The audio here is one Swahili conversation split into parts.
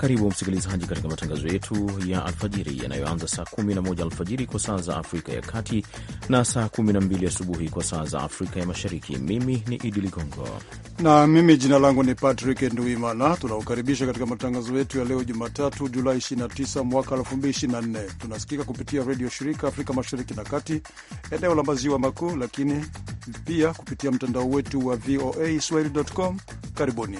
Karibu msikilizaji katika matangazo yetu ya alfajiri yanayoanza saa 11 alfajiri kwa saa za Afrika ya Kati na saa 12 asubuhi kwa saa za Afrika ya Mashariki. Mimi ni Idi Ligongo na mimi jina langu ni Patrick Nduimana. Tunakukaribisha katika matangazo yetu ya leo Jumatatu, Julai 29 mwaka 2024. Tunasikika kupitia redio shirika Afrika Mashariki na Kati, eneo la maziwa makuu, lakini pia kupitia mtandao wetu wa VOA Swahili.com. Karibuni.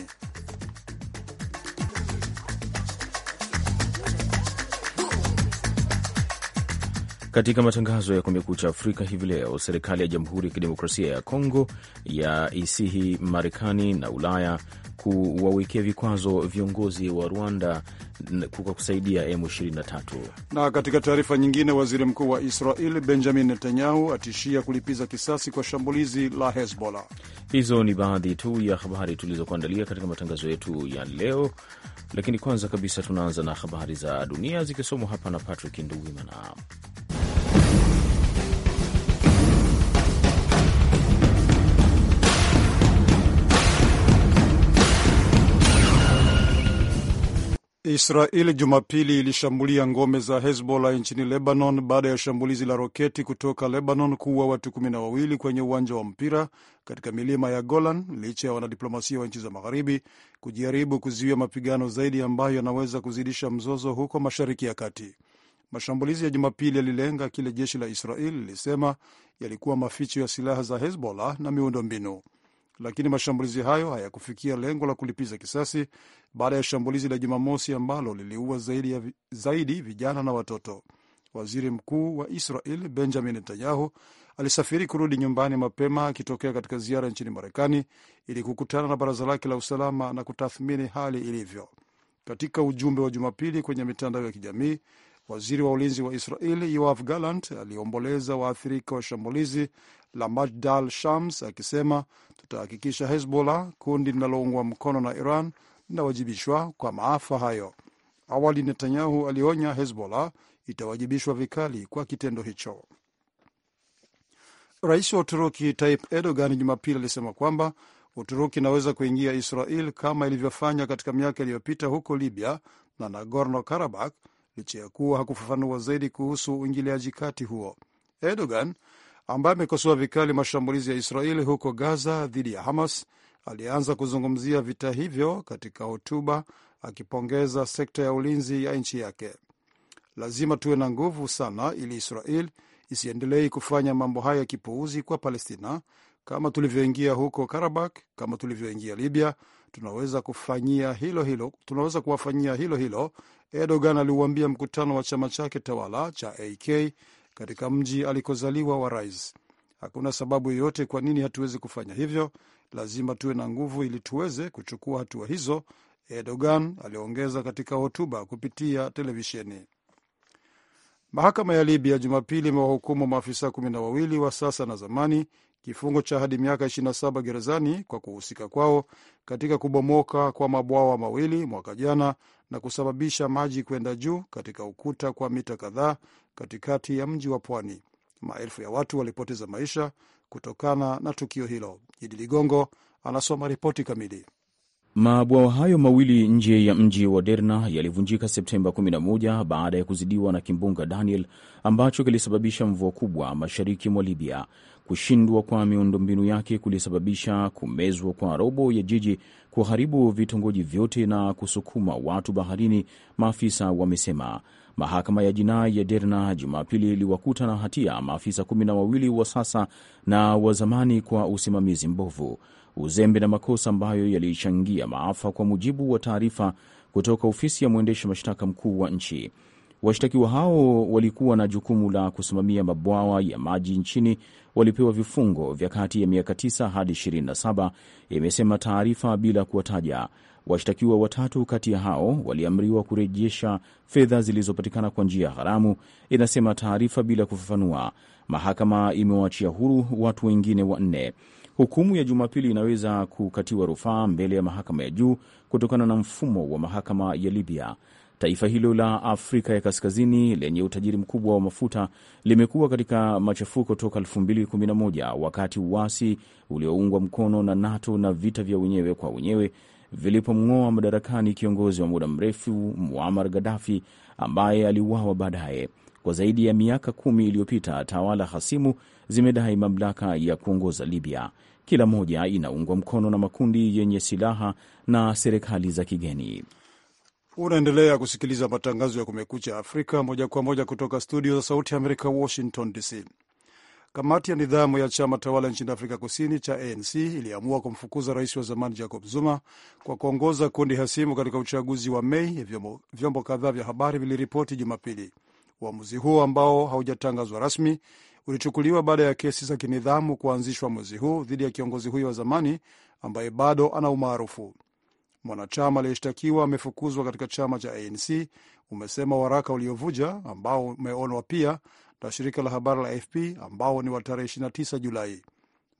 Katika matangazo ya Kumekucha Afrika hivi leo, serikali ya Jamhuri ya Kidemokrasia ya Kongo ya isihi Marekani na Ulaya kuwawekea vikwazo viongozi wa Rwanda kwa kusaidia M23. Na katika taarifa nyingine, waziri mkuu wa Israel Benjamin Netanyahu atishia kulipiza kisasi kwa shambulizi la Hezbollah. Hizo ni baadhi tu ya habari tulizokuandalia katika matangazo yetu ya leo, lakini kwanza kabisa tunaanza na habari za dunia zikisomwa hapa na Patrick Nduwimana. Israeli Jumapili ilishambulia ngome za Hezbollah nchini Lebanon baada ya shambulizi la roketi kutoka Lebanon kuua watu kumi na wawili kwenye uwanja wa mpira katika milima ya Golan, licha ya wanadiplomasia wa nchi za magharibi kujaribu kuzuia mapigano zaidi ambayo yanaweza kuzidisha mzozo huko Mashariki ya Kati. Mashambulizi ya Jumapili yalilenga kile jeshi la Israeli lilisema yalikuwa maficho ya silaha za Hezbollah na miundo mbinu lakini mashambulizi hayo hayakufikia lengo la kulipiza kisasi baada ya shambulizi la Jumamosi ambalo liliua zaidi, zaidi vijana na watoto. Waziri mkuu wa Israel Benjamin Netanyahu alisafiri kurudi nyumbani mapema akitokea katika ziara nchini Marekani ili kukutana na baraza lake la usalama na kutathmini hali ilivyo. Katika ujumbe wa Jumapili kwenye mitandao ya kijamii, waziri wa ulinzi wa Israel Yoav Gallant aliomboleza waathirika wa shambulizi la Majdal Shams akisema tutahakikisha Hezbollah, kundi linaloungwa mkono na Iran, linawajibishwa kwa maafa hayo. Awali Netanyahu alionya Hezbollah itawajibishwa vikali kwa kitendo hicho. Rais wa Uturuki Tayyip Erdogan Jumapili alisema kwamba Uturuki inaweza kuingia Israel kama ilivyofanya katika miaka iliyopita huko Libya na Nagorno Karabakh, licha ya kuwa hakufafanua zaidi kuhusu uingiliaji kati huo. Erdogan ambaye amekosoa vikali mashambulizi ya Israeli huko Gaza dhidi ya Hamas alianza kuzungumzia vita hivyo katika hotuba, akipongeza sekta ya ulinzi ya nchi yake. Lazima tuwe na nguvu sana ili Israel isiendelei kufanya mambo haya ya kipuuzi kwa Palestina. Kama tulivyoingia huko Karabakh, kama tulivyoingia Libya, tunaweza kufanyia hilo hilo, tunaweza kuwafanyia hilo hilo, Erdogan aliuambia mkutano wa chama chake tawala cha AK katika mji alikozaliwa wa rais. Hakuna sababu yoyote kwa nini hatuwezi kufanya hivyo. Lazima tuwe na nguvu ili tuweze kuchukua hatua hizo, Erdogan aliongeza katika hotuba kupitia televisheni. Mahakama ya Libya Jumapili imewahukumu maafisa kumi na wawili wa sasa na zamani kifungo cha hadi miaka 27 gerezani kwa kuhusika kwao katika kubomoka kwa mabwawa mawili mwaka jana na kusababisha maji kwenda juu katika ukuta kwa mita kadhaa katikati ya mji wa pwani. Maelfu ya watu walipoteza maisha kutokana na tukio hilo. Idi Ligongo anasoma ripoti kamili. Mabwawa hayo mawili nje ya mji wa Derna yalivunjika Septemba 11 baada ya kuzidiwa na kimbunga Daniel ambacho kilisababisha mvua kubwa mashariki mwa Libya. Kushindwa kwa miundombinu yake kulisababisha kumezwa kwa robo ya jiji, kuharibu vitongoji vyote na kusukuma watu baharini, maafisa wamesema. Mahakama ya jinai ya Derna Jumapili iliwakuta na hatia maafisa kumi na wawili wa sasa na wa zamani kwa usimamizi mbovu, uzembe na makosa ambayo yalichangia maafa, kwa mujibu wa taarifa kutoka ofisi ya mwendesha mashtaka mkuu wa nchi. Washtakiwa hao walikuwa na jukumu la kusimamia mabwawa ya maji nchini, walipewa vifungo vya kati ya miaka 9 hadi 27, imesema taarifa bila kuwataja. Washtakiwa watatu kati ya hao waliamriwa kurejesha fedha zilizopatikana kwa njia haramu, inasema taarifa bila kufafanua. Mahakama imewaachia huru watu wengine wanne. Hukumu ya Jumapili inaweza kukatiwa rufaa mbele ya mahakama ya juu kutokana na mfumo wa mahakama ya Libya. Taifa hilo la Afrika ya kaskazini lenye utajiri mkubwa wa mafuta limekuwa katika machafuko toka 2011 wakati uasi ulioungwa mkono na NATO na vita vya wenyewe kwa wenyewe vilipomng'oa madarakani kiongozi wa muda mrefu Muammar Gaddafi ambaye aliuawa baadaye. Kwa zaidi ya miaka kumi iliyopita, tawala hasimu zimedai mamlaka ya kuongoza Libya. Kila moja inaungwa mkono na makundi yenye silaha na serikali za kigeni. Unaendelea kusikiliza matangazo ya Kumekucha Afrika moja kwa moja kutoka studio za Sauti ya Amerika, Washington DC. Kamati ya nidhamu ya chama tawala nchini Afrika Kusini cha ANC iliamua kumfukuza rais wa zamani Jacob Zuma kwa kuongoza kundi hasimu katika uchaguzi wa Mei, vyombo kadhaa vya habari viliripoti Jumapili. Uamuzi huo ambao haujatangazwa rasmi ulichukuliwa baada ya kesi za kinidhamu kuanzishwa mwezi huu dhidi ya kiongozi huyo wa zamani ambaye bado ana umaarufu. Mwanachama aliyeshtakiwa amefukuzwa katika chama cha ANC, umesema waraka uliovuja ambao umeonwa pia na shirika la habari la AFP ambao ni wa tarehe 29 Julai.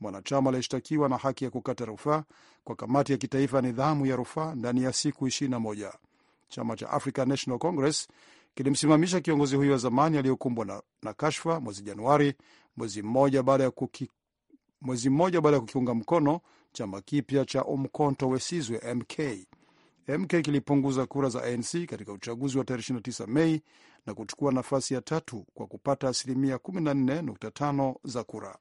Mwanachama aliyeshtakiwa na haki ya kukata rufaa kwa kamati ya kitaifa ya nidhamu ya rufaa ndani ya siku 21. Chama cha African National Congress kilimsimamisha kiongozi huyo wa zamani aliyokumbwa na, na kashfa mwezi Januari, mwezi mmoja baada ya kuki, mwezi mmoja baada ya kukiunga mkono chama kipya cha umkonto Wesizwe MK. MK kilipunguza kura za ANC katika uchaguzi wa tarehe 29 Mei na kuchukua nafasi ya tatu kwa kupata asilimia 14.5 za kura.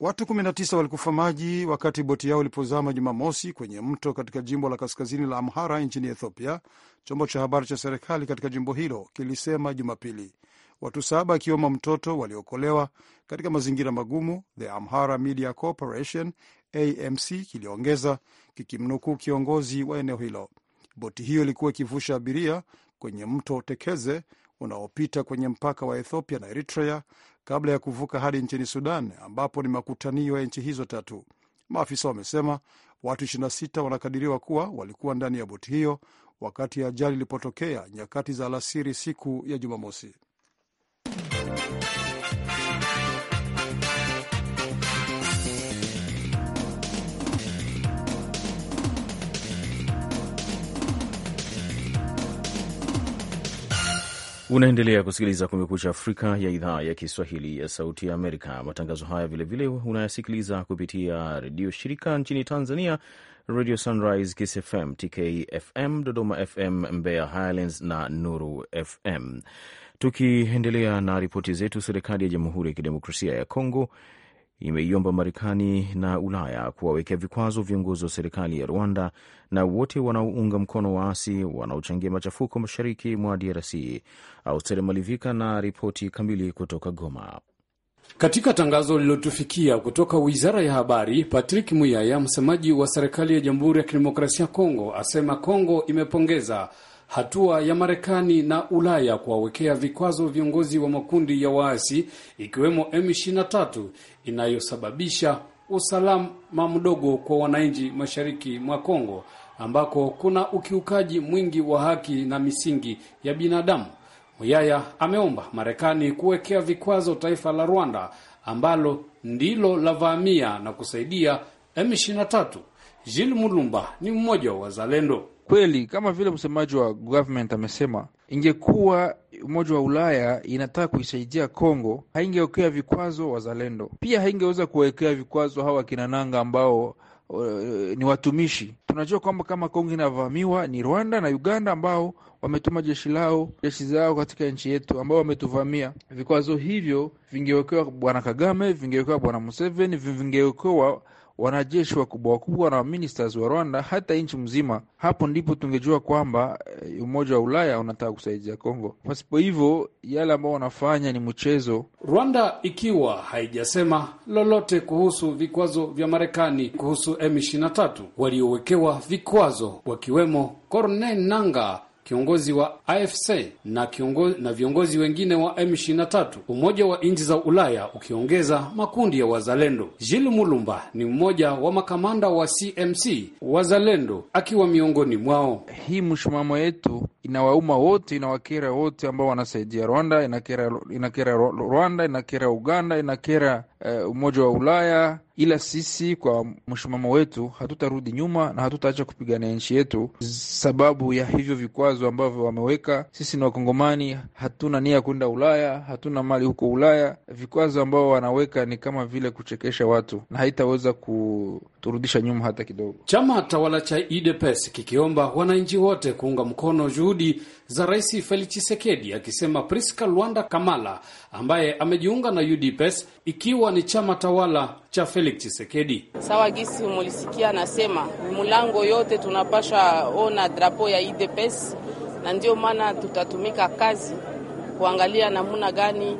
Watu 19 walikufa maji wakati boti yao ilipozama Jumamosi kwenye mto katika jimbo la kaskazini la Amhara nchini Ethiopia, chombo cha habari cha serikali katika jimbo hilo kilisema Jumapili. Watu saba akiwemo mtoto waliokolewa katika mazingira magumu, The Amhara Media Corporation AMC kiliongeza kikimnukuu kiongozi wa eneo hilo. Boti hiyo ilikuwa ikivusha abiria kwenye mto Tekeze unaopita kwenye mpaka wa Ethiopia na Eritrea kabla ya kuvuka hadi nchini Sudan, ambapo ni makutanio ya nchi hizo tatu. Maafisa wamesema watu 26 wanakadiriwa kuwa walikuwa ndani ya boti hiyo wakati ajali ilipotokea nyakati za alasiri siku ya Jumamosi. Unaendelea kusikiliza Kumekucha Afrika ya idhaa ya Kiswahili ya Sauti ya Amerika. Matangazo haya vilevile unayasikiliza kupitia redio shirika nchini Tanzania, Radio Sunrise, Kiss FM, TKFM, Dodoma FM, Mbeya Highlands na Nuru FM. Tukiendelea na ripoti zetu, serikali ya Jamhuri ya Kidemokrasia ya Kongo imeiomba Marekani na Ulaya kuwawekea vikwazo viongozi wa serikali ya Rwanda na wote wanaounga mkono waasi wanaochangia machafuko mashariki mwa DRC. Austeri Malivika na ripoti kamili kutoka Goma. Katika tangazo lililotufikia kutoka wizara ya habari, Patrick Muyaya, msemaji wa serikali ya Jamhuri ya Kidemokrasia ya Kongo, asema Kongo imepongeza hatua ya Marekani na Ulaya kuwawekea vikwazo viongozi wa makundi ya waasi ikiwemo M23 inayosababisha usalama mdogo kwa wananchi mashariki mwa Kongo ambako kuna ukiukaji mwingi wa haki na misingi ya binadamu. Muyaya ameomba Marekani kuwekea vikwazo taifa la Rwanda ambalo ndilo lavamia na kusaidia M23 Jil Mulumba ni mmoja wa wazalendo kweli. Kama vile msemaji wa government amesema, ingekuwa Umoja wa Ulaya inataka kuisaidia Kongo, haingewekea vikwazo wazalendo, pia haingeweza kuwekea vikwazo hawa kina nanga ambao uh, ni watumishi. Tunajua kwamba kama Kongo inavamiwa ni Rwanda na Uganda ambao wametuma jeshi lao jeshi zao katika nchi yetu ambao wametuvamia. Vikwazo hivyo vingewekewa Bwana Kagame, vingewekewa Bwana Museveni, vingewekewa wanajeshi wakubwa wakubwa na ministers wa Rwanda, hata nchi mzima. Hapo ndipo tungejua kwamba eh, Umoja wa Ulaya unataka kusaidia Kongo. Pasipo hivyo, yale ambao wanafanya ni mchezo. Rwanda ikiwa haijasema lolote kuhusu vikwazo vya Marekani kuhusu M23 waliowekewa vikwazo, wakiwemo Corneille Nanga kiongozi wa AFC na kiongo, na viongozi wengine wa M23, Umoja wa Nchi za Ulaya ukiongeza makundi ya wazalendo. Jil Mulumba ni mmoja wa makamanda wa CMC wazalendo, akiwa miongoni mwao. Hii mshimamo yetu inawauma wote, inawakera wote ambao wanasaidia Rwanda, inakera Rwanda, inakera Uganda, inakera uh, Umoja wa Ulaya ila sisi kwa mshimamo wetu hatutarudi nyuma na hatutaacha kupigania nchi yetu sababu ya hivyo vikwazo ambavyo wameweka. Sisi ni Wakongomani, hatuna nia ya kwenda Ulaya, hatuna mali huko Ulaya. Vikwazo ambao wanaweka ni kama vile kuchekesha watu na haitaweza kuturudisha nyuma hata kidogo. Chama tawala cha UDPS kikiomba wananchi wote kuunga mkono juhudi za Rais Felix Tshisekedi, akisema Priska Luanda Kamala ambaye amejiunga na UDPS ikiwa ni chama tawala cha Felix Felix Chisekedi. Sawa gisi mulisikia anasema mulango yote tunapasha ona drapo ya IDPS, na ndio maana tutatumika kazi kuangalia namuna gani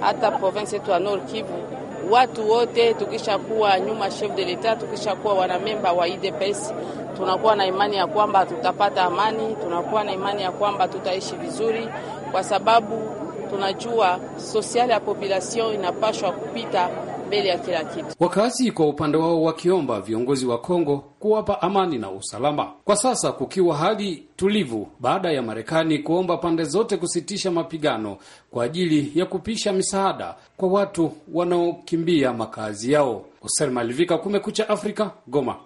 hata province yetu ya Nord Kivu watu wote tukishakuwa nyuma chef de l'etat, tukishakuwa wanamemba wa IDPS, tunakuwa na imani ya kwamba tutapata amani, tunakuwa na imani ya kwamba tutaishi vizuri, kwa sababu tunajua sosiali ya population inapashwa kupita mbele ya kila kitu. Wakazi kwa upande wao wakiomba viongozi wa Kongo kuwapa amani na usalama, kwa sasa kukiwa hali tulivu baada ya Marekani kuomba pande zote kusitisha mapigano kwa ajili ya kupisha misaada kwa watu wanaokimbia makazi yao. Hoser Malivika, Kumekucha Afrika, Goma.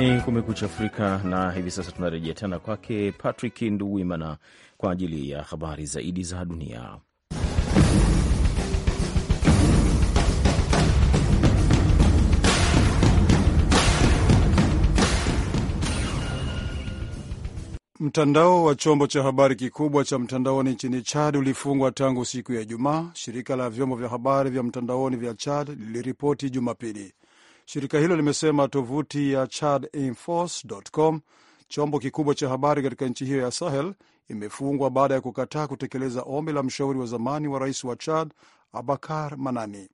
ni Kumekucha Afrika, na hivi sasa tunarejea tena kwake Patrick Nduwimana kwa ajili ya habari zaidi za dunia. Mtandao wa chombo cha habari kikubwa cha mtandaoni nchini Chad ulifungwa tangu siku ya Ijumaa, shirika la vyombo vya habari vya mtandaoni vya Chad liliripoti Jumapili. Shirika hilo limesema tovuti ya chadinforce.com, chombo kikubwa cha habari katika nchi hiyo ya Sahel, imefungwa baada ya kukataa kutekeleza ombi la mshauri wa zamani wa rais wa Chad, Abakar Manani.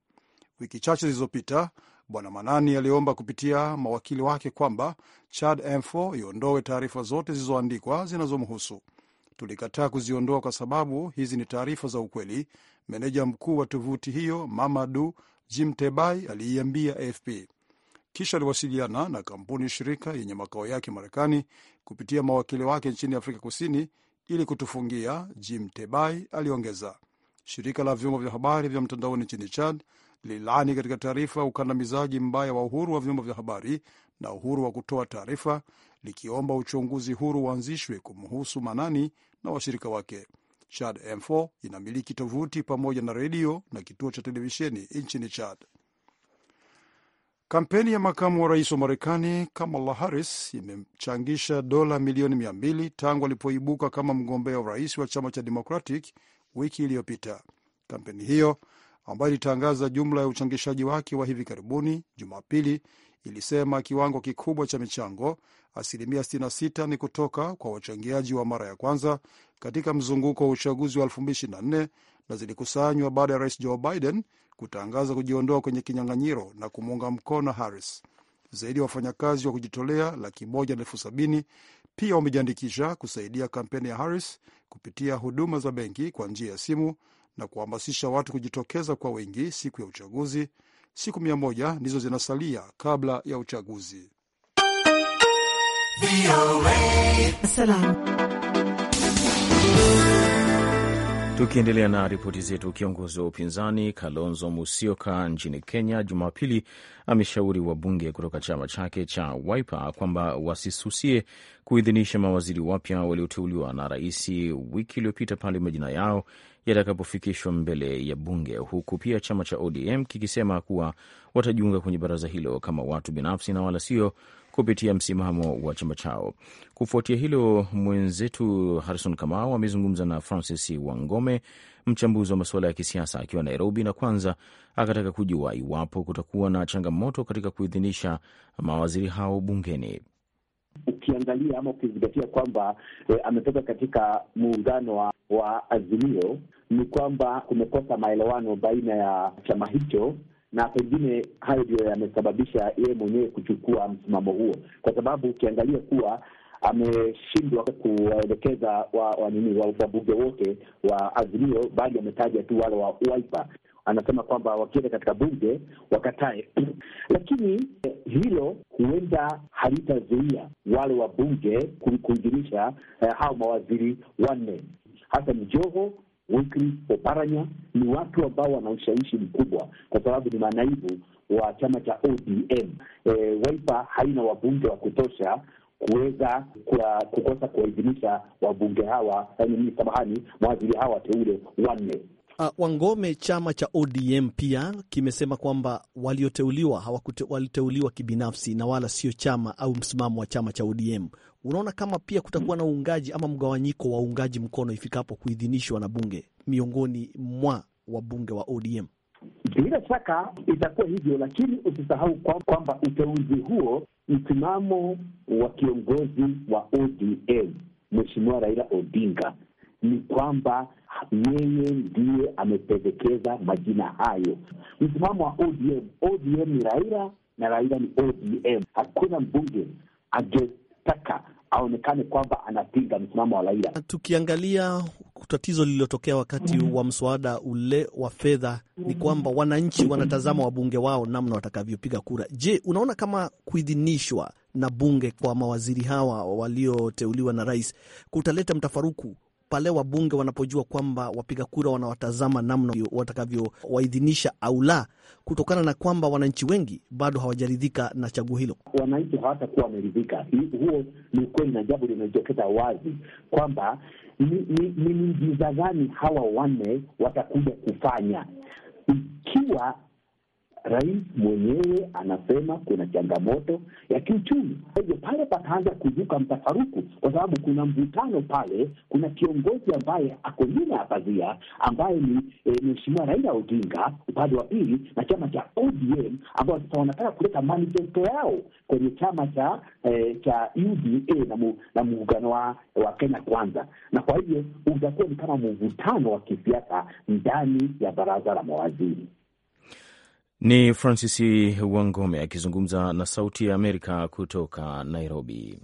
Wiki chache zilizopita, Bwana Manani aliomba kupitia mawakili wake kwamba Chad Info iondoe taarifa zote zilizoandikwa zinazomhusu. Tulikataa kuziondoa kwa sababu hizi ni taarifa za ukweli, meneja mkuu wa tovuti hiyo Mamadu Jimtebai aliiambia AFP. Kisha aliwasiliana na kampuni shirika yenye makao yake Marekani kupitia mawakili wake nchini Afrika Kusini ili kutufungia, Jim Tebai aliongeza. Shirika la vyombo vya habari vya mtandaoni nchini Chad lililaani katika taarifa ukandamizaji mbaya wa uhuru wa vyombo vya habari na uhuru wa kutoa taarifa, likiomba uchunguzi huru uanzishwe kumhusu Manani na washirika wake. Chad M4 inamiliki tovuti pamoja na redio na kituo cha televisheni nchini Chad. Kampeni ya makamu wa rais wa Marekani Kamala Harris imemchangisha dola milioni 200 tangu alipoibuka kama mgombea urais wa chama cha Democratic wiki iliyopita. Kampeni hiyo ambayo ilitangaza jumla ya uchangishaji wake wa hivi karibuni, Jumapili ilisema kiwango kikubwa cha michango, asilimia 66, ni kutoka kwa wachangiaji wa mara ya kwanza katika mzunguko wa uchaguzi wa na zilikusanywa baada ya rais Joe Biden kutangaza kujiondoa kwenye kinyang'anyiro na kumuunga mkono Harris. Zaidi ya wafanyakazi wa kujitolea laki moja na elfu sabini pia wamejiandikisha kusaidia kampeni ya Harris kupitia huduma za benki kwa njia ya simu na kuhamasisha watu kujitokeza kwa wingi siku ya uchaguzi. Siku mia moja ndizo zinasalia kabla ya uchaguzi. Salam. Tukiendelea na ripoti zetu, kiongozi wa upinzani Kalonzo Musyoka nchini Kenya Jumapili ameshauri wabunge kutoka chama chake cha Wiper kwamba wasisusie kuidhinisha mawaziri wapya walioteuliwa na rais wiki iliyopita pale majina yao yatakapofikishwa mbele ya bunge, huku pia chama cha ODM kikisema kuwa watajiunga kwenye baraza hilo kama watu binafsi na wala sio kupitia msimamo wa chama chao. Kufuatia hilo, mwenzetu Harison Kamau amezungumza na Francis Wangome, mchambuzi wa masuala ya kisiasa akiwa Nairobi, na kwanza akataka kujua iwapo kutakuwa na changamoto katika kuidhinisha mawaziri hao bungeni. Ukiangalia ama ukizingatia kwamba e, ametoka katika muungano wa, wa Azimio ni kwamba kumekosa maelewano baina ya chama hicho na pengine hayo ndiyo yamesababisha yeye mwenyewe kuchukua msimamo huo, kwa sababu ukiangalia kuwa ameshindwa kuwaelekeza wanini wa nini wabunge wote wa Azimio, bali ametaja tu wale wa Wiper. Anasema kwamba wakienda katika bunge wakatae, lakini eh, hilo huenda halitazuia wale wabunge kuidhinisha eh, hao mawaziri wanne hasa Mjoho wikri Oparanya ni watu ambao wana ushawishi mkubwa, kwa sababu ni manaibu wa chama cha ODM. E, waipa haina wabunge wa kutosha kuweza kukosa kuwaidhinisha wabunge hawa, yani samahani, mawaziri hawa wateule wanne. Uh, Wangome, chama cha ODM pia kimesema kwamba walioteuliwa hawaliteuliwa kibinafsi na wala sio chama au msimamo wa chama cha ODM. Unaona kama pia kutakuwa na uungaji ama mgawanyiko wa uungaji mkono ifikapo kuidhinishwa na bunge miongoni mwa wabunge wa ODM? Bila shaka itakuwa hivyo, lakini usisahau kwamba uteuzi huo, msimamo wa kiongozi wa ODM Mheshimiwa Raila Odinga ni kwamba yeye ndiye amependekeza majina hayo. Msimamo wa ODM, ODM ni Raila na Raila ni ODM. Hakuna mbunge angetaka aonekane kwamba anapinga msimamo wa Raila. Tukiangalia tatizo lililotokea wakati mm-hmm. wa mswada ule wa fedha, ni mm-hmm. kwamba wananchi wanatazama wabunge wao namna watakavyopiga kura. Je, unaona kama kuidhinishwa na bunge kwa mawaziri hawa walioteuliwa na rais kutaleta mtafaruku pale wabunge wanapojua kwamba wapiga kura wanawatazama namna watakavyowaidhinisha au la, kutokana na kwamba wananchi wengi bado hawajaridhika na chaguo hilo. Wananchi hawatakuwa wameridhika, huo ni ukweli, na jambo linajitokeza wazi kwamba ni miujiza gani hawa wanne watakuja kufanya ikiwa rais mwenyewe anasema kuna changamoto ya kiuchumi. Kwa hivyo pale pataanza kuzuka mtafaruku, kwa sababu kuna mvutano pale. Kuna kiongozi ambaye ako nyuma ya pazia ambaye ni e, Raila Odinga upande wa pili na chama cha ODM ambao sasa wanataka kuleta manifesto yao kwenye chama cha e, cha UDA na, mu, na muungano wa, wa Kenya Kwanza, na kwa hivyo utakuwa ni kama mvutano wa kisiasa ndani ya baraza la mawaziri. Ni Francis Wangome akizungumza na Sauti ya Amerika kutoka Nairobi.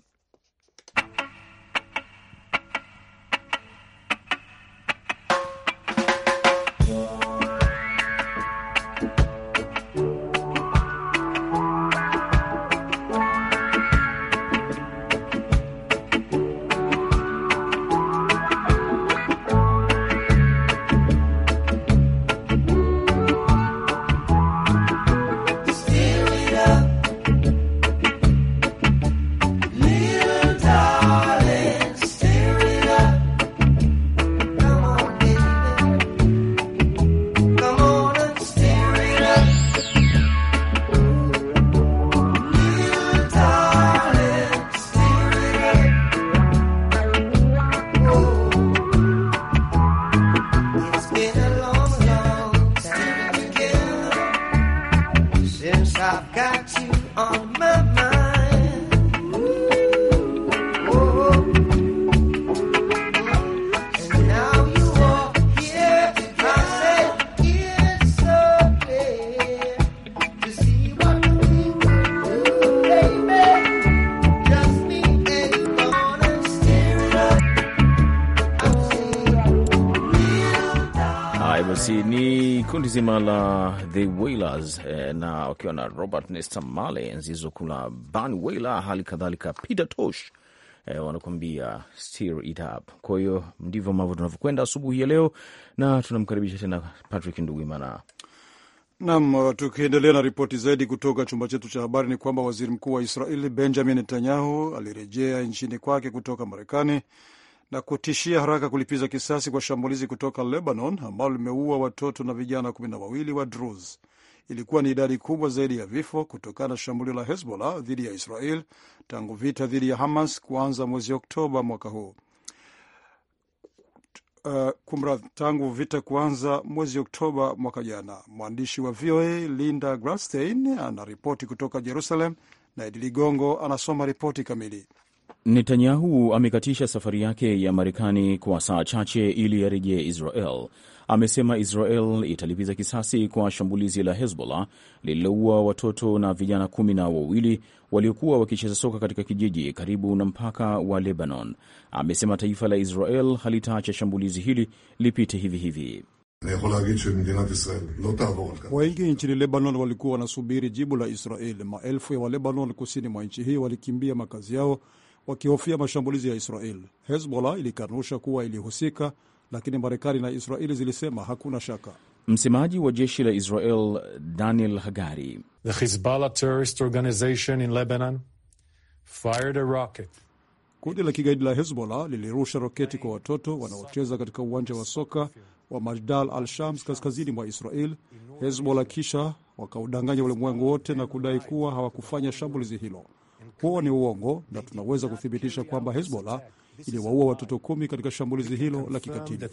zima la The Wailers eh, na wakiwa na Robert Nesta male Nzizo, kula ban Wailer, hali kadhalika Peter Tosh eh, wanakuambia stir it up. Kwa hiyo ndivyo ambavyo tunavyokwenda asubuhi ya leo, na tunamkaribisha tena Patrick Nduguimana. Nam, tukiendelea na ripoti zaidi kutoka chumba chetu cha habari ni kwamba waziri mkuu wa Israeli Benjamin Netanyahu alirejea nchini kwake kutoka Marekani na kutishia haraka kulipiza kisasi kwa shambulizi kutoka Lebanon ambalo limeua watoto na vijana kumi na wawili wa Druze. Ilikuwa ni idadi kubwa zaidi ya vifo kutokana na shambulio la Hezbollah dhidi ya Israel tangu vita dhidi ya Hamas kuanza mwezi Oktoba mwaka huu. Uh, kumra tangu vita kuanza mwezi Oktoba mwaka jana. Mwandishi wa VOA Linda Grastein anaripoti kutoka Jerusalem na Edi Ligongo anasoma ripoti kamili. Netanyahu amekatisha safari yake ya Marekani kwa saa chache ili arejee Israel. Amesema Israel italipiza kisasi kwa shambulizi la Hezbollah lililoua watoto na vijana kumi na wawili waliokuwa wakicheza soka katika kijiji karibu na mpaka wa Lebanon. Amesema taifa la Israel halitaacha shambulizi hili lipite hivi hivi. Wengi nchini Lebanon walikuwa wanasubiri jibu la Israel. Maelfu ya Walebanon kusini mwa nchi hii walikimbia makazi yao wakihofia mashambulizi ya Israel. Hezbollah ilikanusha kuwa ilihusika, lakini Marekani na Israeli zilisema hakuna shaka. Msemaji wa jeshi la Israel Daniel Hagari, The Hezbollah terrorist organization in Lebanon fired a rocket. Kundi la kigaidi la Hezbollah lilirusha roketi kwa watoto wanaocheza katika uwanja wa soka wa Majdal al Shams kaskazini mwa Israel. Hezbollah kisha wakaudanganya ulimwengu wote na kudai kuwa hawakufanya shambulizi hilo huo ni uongo na tunaweza kuthibitisha kwamba Hezbollah iliwaua watoto kumi katika shambulizi hilo la kikatili.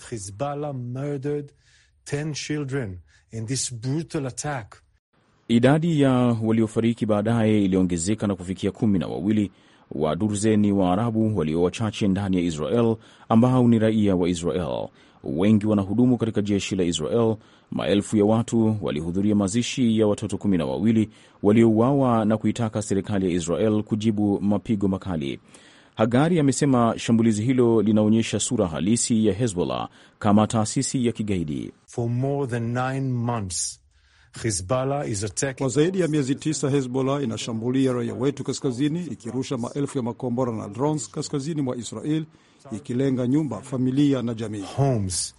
Idadi ya waliofariki baadaye iliongezeka na kufikia kumi na wawili wa durzeni wa Arabu walio wachache ndani ya Israel ambao ni raia wa Israel. Wengi wanahudumu katika jeshi la Israel. Maelfu ya watu walihudhuria mazishi ya watoto kumi na wawili waliouawa na kuitaka serikali ya Israel kujibu mapigo makali. Hagari amesema shambulizi hilo linaonyesha sura halisi ya Hezbollah kama taasisi ya kigaidi For more than nine months. Kwa zaidi ya miezi tisa, Hezbollah inashambulia raia wetu kaskazini, ikirusha maelfu ya makombora na drones kaskazini mwa Israel, ikilenga nyumba, familia na jamii. Homes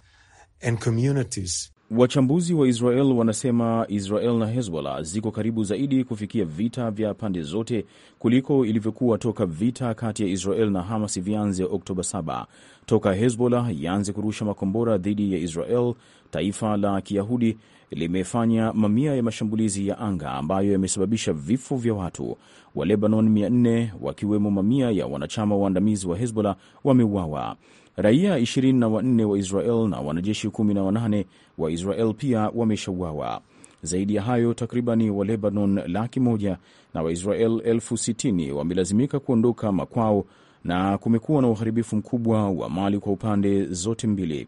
and communities. Wachambuzi wa Israel wanasema Israel na Hezbollah ziko karibu zaidi kufikia vita vya pande zote kuliko ilivyokuwa toka vita kati ya Israel na Hamas vianze Oktoba 7. Toka Hezbollah ianze kurusha makombora dhidi ya Israel, taifa la Kiyahudi limefanya mamia ya mashambulizi ya anga ambayo yamesababisha vifo vya watu wa Lebanon 400 wakiwemo mamia ya wanachama waandamizi wa Hezbollah wameuawa. Raia 24 wa Israel na wanajeshi 18 wa Israel pia wameshauawa. Zaidi ya hayo, takribani wa Lebanon laki moja na Waisrael elfu sitini wamelazimika kuondoka makwao na kumekuwa na uharibifu mkubwa wa mali kwa upande zote mbili.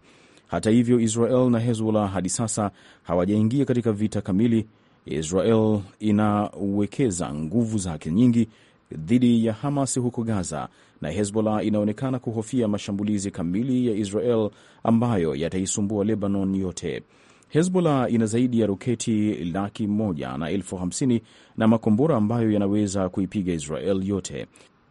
Hata hivyo, Israel na Hezbollah hadi sasa hawajaingia katika vita kamili. Israel inawekeza nguvu zake nyingi dhidi ya Hamas huko Gaza na Hezbollah inaonekana kuhofia mashambulizi kamili ya Israel ambayo yataisumbua Lebanon yote. Hezbollah ina zaidi ya roketi laki moja na elfu hamsini na makombora ambayo yanaweza kuipiga Israel yote.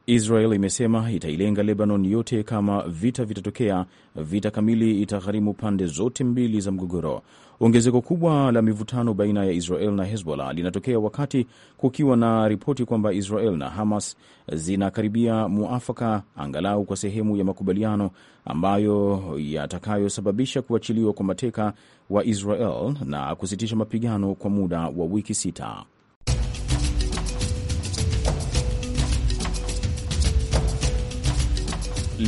Israel imesema itailenga Lebanon yote kama vita vitatokea. Vita kamili itagharimu pande zote mbili za mgogoro. Ongezeko kubwa la mivutano baina ya Israel na Hezbollah linatokea wakati kukiwa na ripoti kwamba Israel na Hamas zinakaribia muafaka, angalau kwa sehemu ya makubaliano ambayo yatakayosababisha kuachiliwa kwa mateka wa Israel na kusitisha mapigano kwa muda wa wiki sita.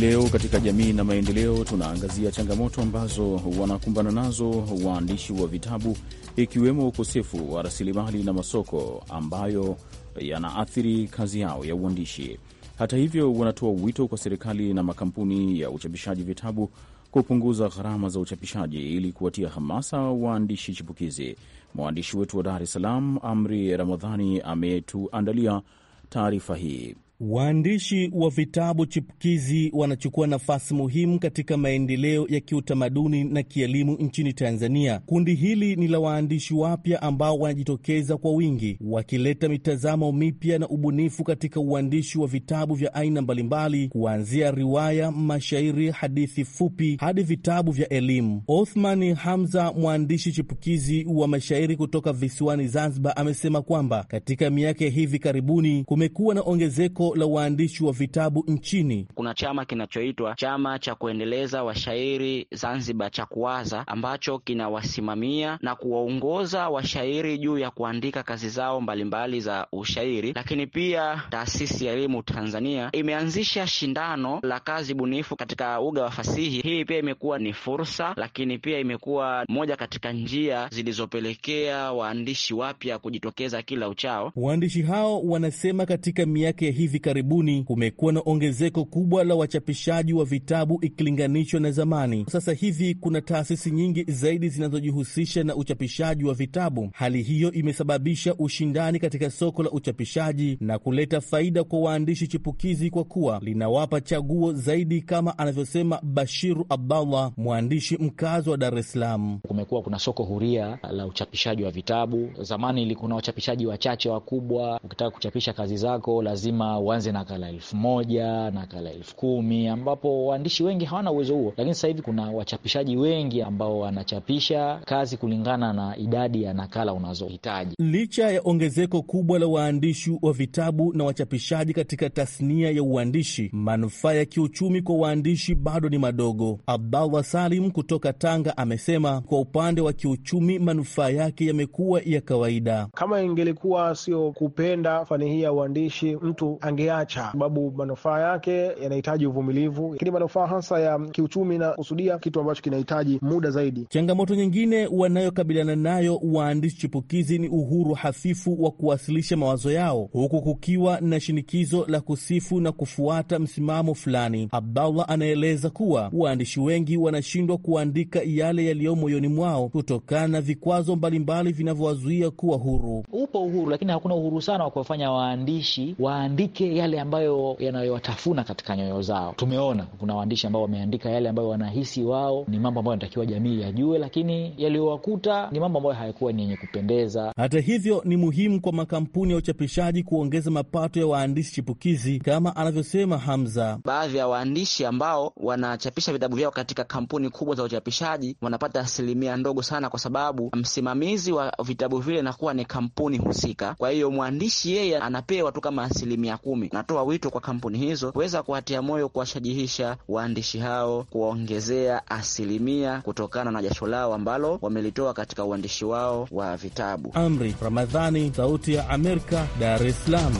Leo katika jamii na maendeleo tunaangazia changamoto ambazo wanakumbana nazo waandishi wa vitabu, ikiwemo ukosefu wa rasilimali na masoko ambayo yanaathiri kazi yao ya uandishi. Hata hivyo, wanatoa wito kwa serikali na makampuni ya uchapishaji vitabu kupunguza gharama za uchapishaji ili kuwatia hamasa waandishi chipukizi. Mwandishi wetu wa Dar es Salaam, Amri Ramadhani, ametuandalia taarifa hii. Waandishi wa vitabu chipukizi wanachukua nafasi muhimu katika maendeleo ya kiutamaduni na kielimu nchini Tanzania. Kundi hili ni la waandishi wapya ambao wanajitokeza kwa wingi, wakileta mitazamo mipya na ubunifu katika uandishi wa vitabu vya aina mbalimbali, kuanzia riwaya, mashairi, hadithi fupi hadi vitabu vya elimu. Othman Hamza, mwandishi chipukizi wa mashairi kutoka visiwani Zanzibar, amesema kwamba katika miaka hivi karibuni kumekuwa na ongezeko la waandishi wa vitabu nchini. Kuna chama kinachoitwa Chama cha Kuendeleza Washairi Zanzibar cha Kuwaza, ambacho kinawasimamia na kuwaongoza washairi juu ya kuandika kazi zao mbalimbali za ushairi. Lakini pia taasisi ya elimu Tanzania imeanzisha shindano la kazi bunifu katika uga wa fasihi. Hii pia imekuwa ni fursa, lakini pia imekuwa moja katika njia zilizopelekea waandishi wapya kujitokeza kila uchao. Waandishi hao wanasema katika miaka ya hivi hivi karibuni kumekuwa na ongezeko kubwa la wachapishaji wa vitabu ikilinganishwa na zamani. Sasa hivi kuna taasisi nyingi zaidi zinazojihusisha na uchapishaji wa vitabu. Hali hiyo imesababisha ushindani katika soko la uchapishaji na kuleta faida kwa waandishi chipukizi kwa kuwa linawapa chaguo zaidi, kama anavyosema Bashiru Abdallah, mwandishi mkazi wa Dar es Salaam. Kumekuwa kuna soko huria la uchapishaji wa vitabu. Zamani na wachapishaji wachache wakubwa, ukitaka kuchapisha kazi zako lazima uanze nakala elfu moja nakala elfu kumi ambapo waandishi wengi hawana uwezo huo, lakini sasa hivi kuna wachapishaji wengi ambao wanachapisha kazi kulingana na idadi ya nakala unazohitaji. Licha ya ongezeko kubwa la waandishi wa vitabu na wachapishaji katika tasnia ya uandishi, manufaa ya kiuchumi kwa waandishi bado ni madogo. Abdallah Salim kutoka Tanga amesema kwa upande wa kiuchumi manufaa yake yamekuwa ya kawaida. Kama ingelikuwa sio kupenda fani hii ya uandishi, mtu angeacha, sababu manufaa yake yanahitaji uvumilivu, lakini manufaa hasa ya kiuchumi na kusudia kitu ambacho kinahitaji muda zaidi. Changamoto nyingine wanayokabiliana nayo waandishi chipukizi ni uhuru hafifu wa kuwasilisha mawazo yao, huku kukiwa na shinikizo la kusifu na kufuata msimamo fulani. Abdallah anaeleza kuwa waandishi wengi wanashindwa kuandika yale yaliyo moyoni mwao kutokana na vikwazo mbalimbali vinavyowazuia kuwa huru. Upo uhuru, lakini hakuna uhuru sana wa kuwafanya waandishi waandike wapokee yale ambayo yanayowatafuna katika nyoyo zao. Tumeona kuna waandishi ambao wameandika yale ambayo wanahisi wao ni mambo ambayo yanatakiwa jamii yajue, lakini yaliyowakuta ni mambo ambayo hayakuwa ni yenye kupendeza. Hata hivyo, ni muhimu kwa makampuni ya uchapishaji kuongeza mapato ya waandishi chipukizi kama anavyosema Hamza. Baadhi ya waandishi ambao wanachapisha vitabu vyao katika kampuni kubwa za uchapishaji wanapata asilimia ndogo sana, kwa sababu msimamizi wa vitabu vile nakuwa ni kampuni husika. Kwa hiyo mwandishi yeye anapewa tu kama asilimia kumi kumi. Natoa wito kwa kampuni hizo kuweza kuwatia moyo, kuwashajihisha waandishi hao, kuwaongezea asilimia kutokana na jasho lao ambalo wamelitoa katika uandishi wao wa vitabu. Amri Ramadhani, Sauti ya Amerika, Dar es Salaam.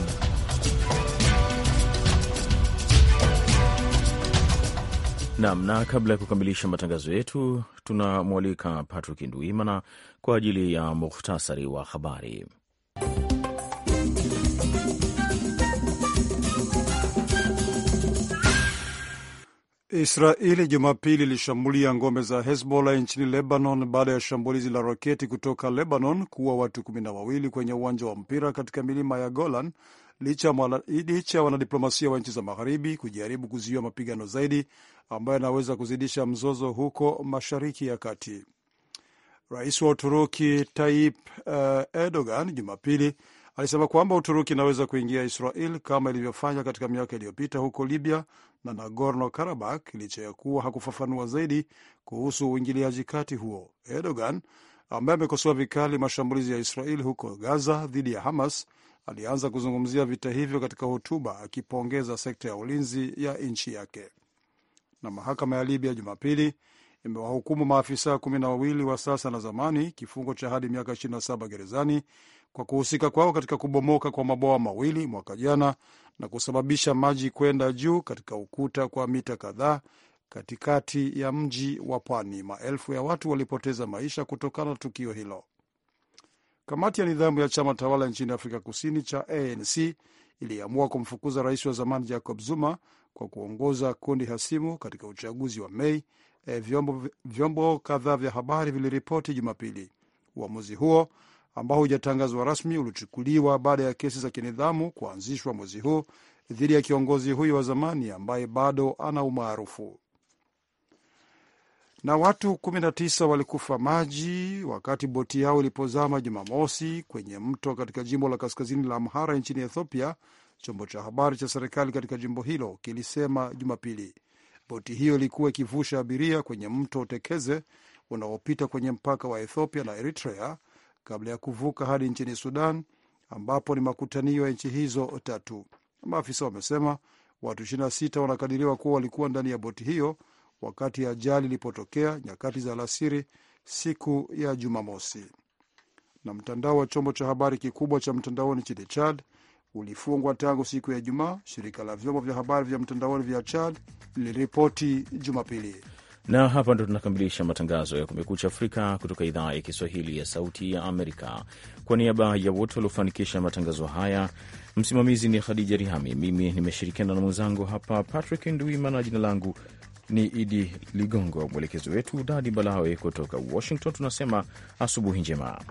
Nam na kabla ya kukamilisha matangazo yetu, tunamwalika Patrick Nduimana kwa ajili ya muhtasari wa habari. Israeli Jumapili ilishambulia ngome za Hezbollah nchini Lebanon baada ya shambulizi la roketi kutoka Lebanon kuua watu kumi na wawili kwenye uwanja wa mpira katika milima ya Golan, licha ya wanadiplomasia wa nchi za magharibi kujaribu kuzuia mapigano zaidi ambayo yanaweza kuzidisha mzozo huko Mashariki ya Kati. Rais wa Uturuki Tayyip uh, Erdogan Jumapili alisema kwamba Uturuki inaweza kuingia Israel kama ilivyofanya katika miaka iliyopita huko Libya na Nagorno Karabakh, licha ya kuwa hakufafanua zaidi kuhusu uingiliaji kati huo. Erdogan ambaye amekosoa vikali mashambulizi ya Israel huko Gaza dhidi ya Hamas alianza kuzungumzia vita hivyo katika hotuba akipongeza sekta ya ulinzi ya nchi yake. Na mahakama ya Libya Jumapili imewahukumu maafisa kumi na wawili wa sasa na zamani kifungo cha hadi miaka 27 gerezani kwa kuhusika kwao katika kubomoka kwa mabwawa mawili mwaka jana na kusababisha maji kwenda juu katika ukuta kwa mita kadhaa katikati ya mji wa pwani. Maelfu ya watu walipoteza maisha kutokana na tukio hilo. Kamati ya nidhamu ya chama tawala nchini Afrika Kusini cha ANC iliamua kumfukuza rais wa zamani Jacob Zuma kwa kuongoza kundi hasimu katika uchaguzi wa Mei. E, vyombo, vyombo kadhaa vya habari viliripoti Jumapili. Uamuzi huo ambao hujatangazwa rasmi ulichukuliwa baada ya kesi za kinidhamu kuanzishwa mwezi huu dhidi ya kiongozi huyo wa zamani ambaye bado ana umaarufu. Na watu 19 walikufa maji wakati boti yao ilipozama Jumamosi kwenye mto katika jimbo la kaskazini la Amhara nchini Ethiopia, chombo cha habari cha serikali katika jimbo hilo kilisema Jumapili. Boti hiyo ilikuwa ikivusha abiria kwenye mto Tekeze unaopita kwenye mpaka wa Ethiopia na Eritrea kabla ya kuvuka hadi nchini Sudan ambapo ni makutanio ya nchi hizo tatu. Maafisa wamesema watu 26 wanakadiriwa kuwa walikuwa ndani ya boti hiyo wakati ajali ilipotokea nyakati za alasiri siku ya Jumamosi. Na mtandao wa chombo cha habari kikubwa cha mtandaoni nchini Chad ulifungwa tangu siku ya Ijumaa, shirika la vyombo vya habari vya mtandaoni vya Chad liliripoti Jumapili. Na hapa ndo tunakamilisha matangazo ya Kumekucha Afrika kutoka idhaa ya Kiswahili ya Sauti ya Amerika. Kwa niaba ya wote waliofanikisha matangazo haya, msimamizi ni Khadija Rihami, mimi nimeshirikiana na mwenzangu hapa Patrick nduimana jina langu ni Idi Ligongo, mwelekezi wetu Dadi Balawe kutoka Washington. Tunasema asubuhi njema.